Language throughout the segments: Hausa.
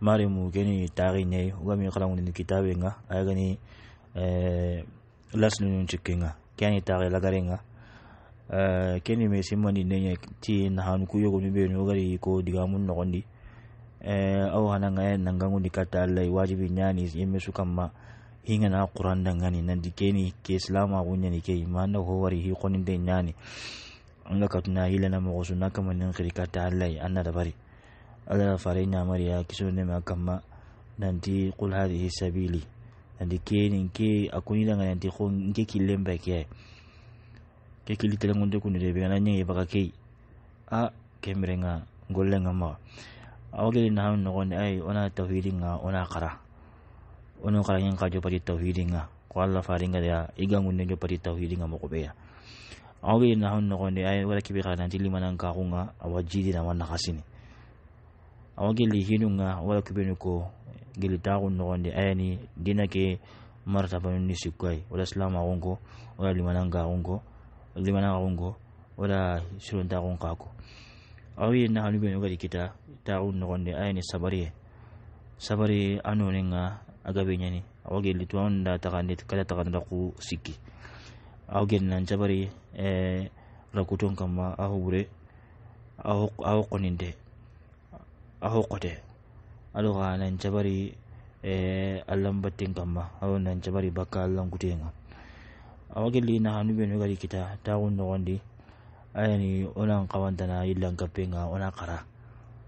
mari mu gani tari ne wami kala ni kitabe nga gani eh, las nu chikinga kani tari lagarenga eh, keni me simani ne ti na han ku yogo ni be no gari ko diga mun no gondi eh, aw hana nga nangangu ni ta lai wajibi nyani yemme su kamma hinga na qur'an gani nan dikeni ke islama gunya ni ke imanda ho wari hi qonin de nyani anga katuna hila na mo na kamanin kirkata lai anna da bari ala farina mariya kisune ma kamma nanti qul hadhihi sabili nanti ke nin ke akuni daga nanti ko nke killen ba ke ke kili tele ngunde kunu de be nanye baka ke a kemre nga golle nga ma awgeli na hanu ngon ay ona tawhidi nga ona qara ono qara ngin ka jo pati tawhidi nga ko alla faringa da iga ngunde jo pati tawhidi nga mo ko be ya awgeli na hanu ngon ay wala kibi nanti lima ka ko nga awajidi na wanna kasini awa gili nga wala kubinu ko gili taxu noxondi ayani dina ke marta martabanu ni e sikkay wala silama xunko wala limananga xunko limananga xunko wala sironta xun kako awa ye naxanu benu gadi kita taxu noxondi ayani sabariye sabari a nga a gabe ñani awa gili tuwan da taxandi kada taxandira ku siki awa gili nan sabari eh, rakutun kama a xuɓure a xoqoninte aho alo aluga nan jabari eh, allan battin kamma awo nan jabari bakka nga a awagilli na hanu benu gari kita tawun nogondi ayani onan kawantana illan kappenga ona kara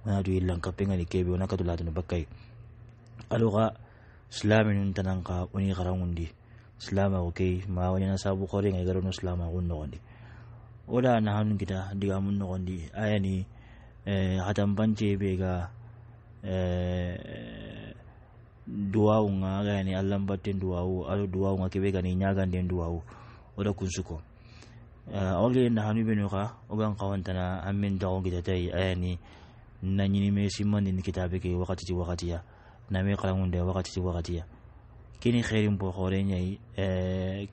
ona du illan kappenga ni kebe ona katulatunu bakkai aluga ka tananka oni karangundi silama ko kei ma wani na sabu kore ngai garono silama kun nogondi oda na hanu kita diga mun nogondi ayani hadan banjeɓega duwawu ga gayani allah batten duwawu aɗo duwawu ga keɓe gani ñaganden duwawu oɗa kunsuko awagelen na hanu ɓenu ka ogan kawantana anmin dago gitatai ayani na ñinime simmandini kitabe ke wakati ti wakatiya name kalangunde wakati ti wakatiya kini xeerin po xoore ñayi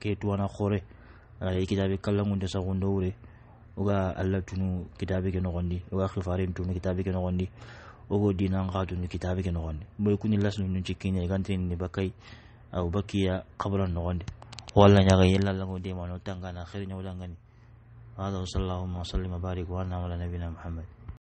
ke tuwana xoore ay kitabe kallangunde sagundo wure oga allah tunu kitabe ke nogondi oga khifarin tunu kitabe ke nogondi ogo dinan ka tunu kitabe ke nogondi moy kuni lasnu nun cikkinya igantin ni bakai aw bakiya qabran nogondi walla nyaga yella la ngode mano tangana khairin wala ngani هذا وصلى اللهم وسلم وبارك وانعم على نبينا محمد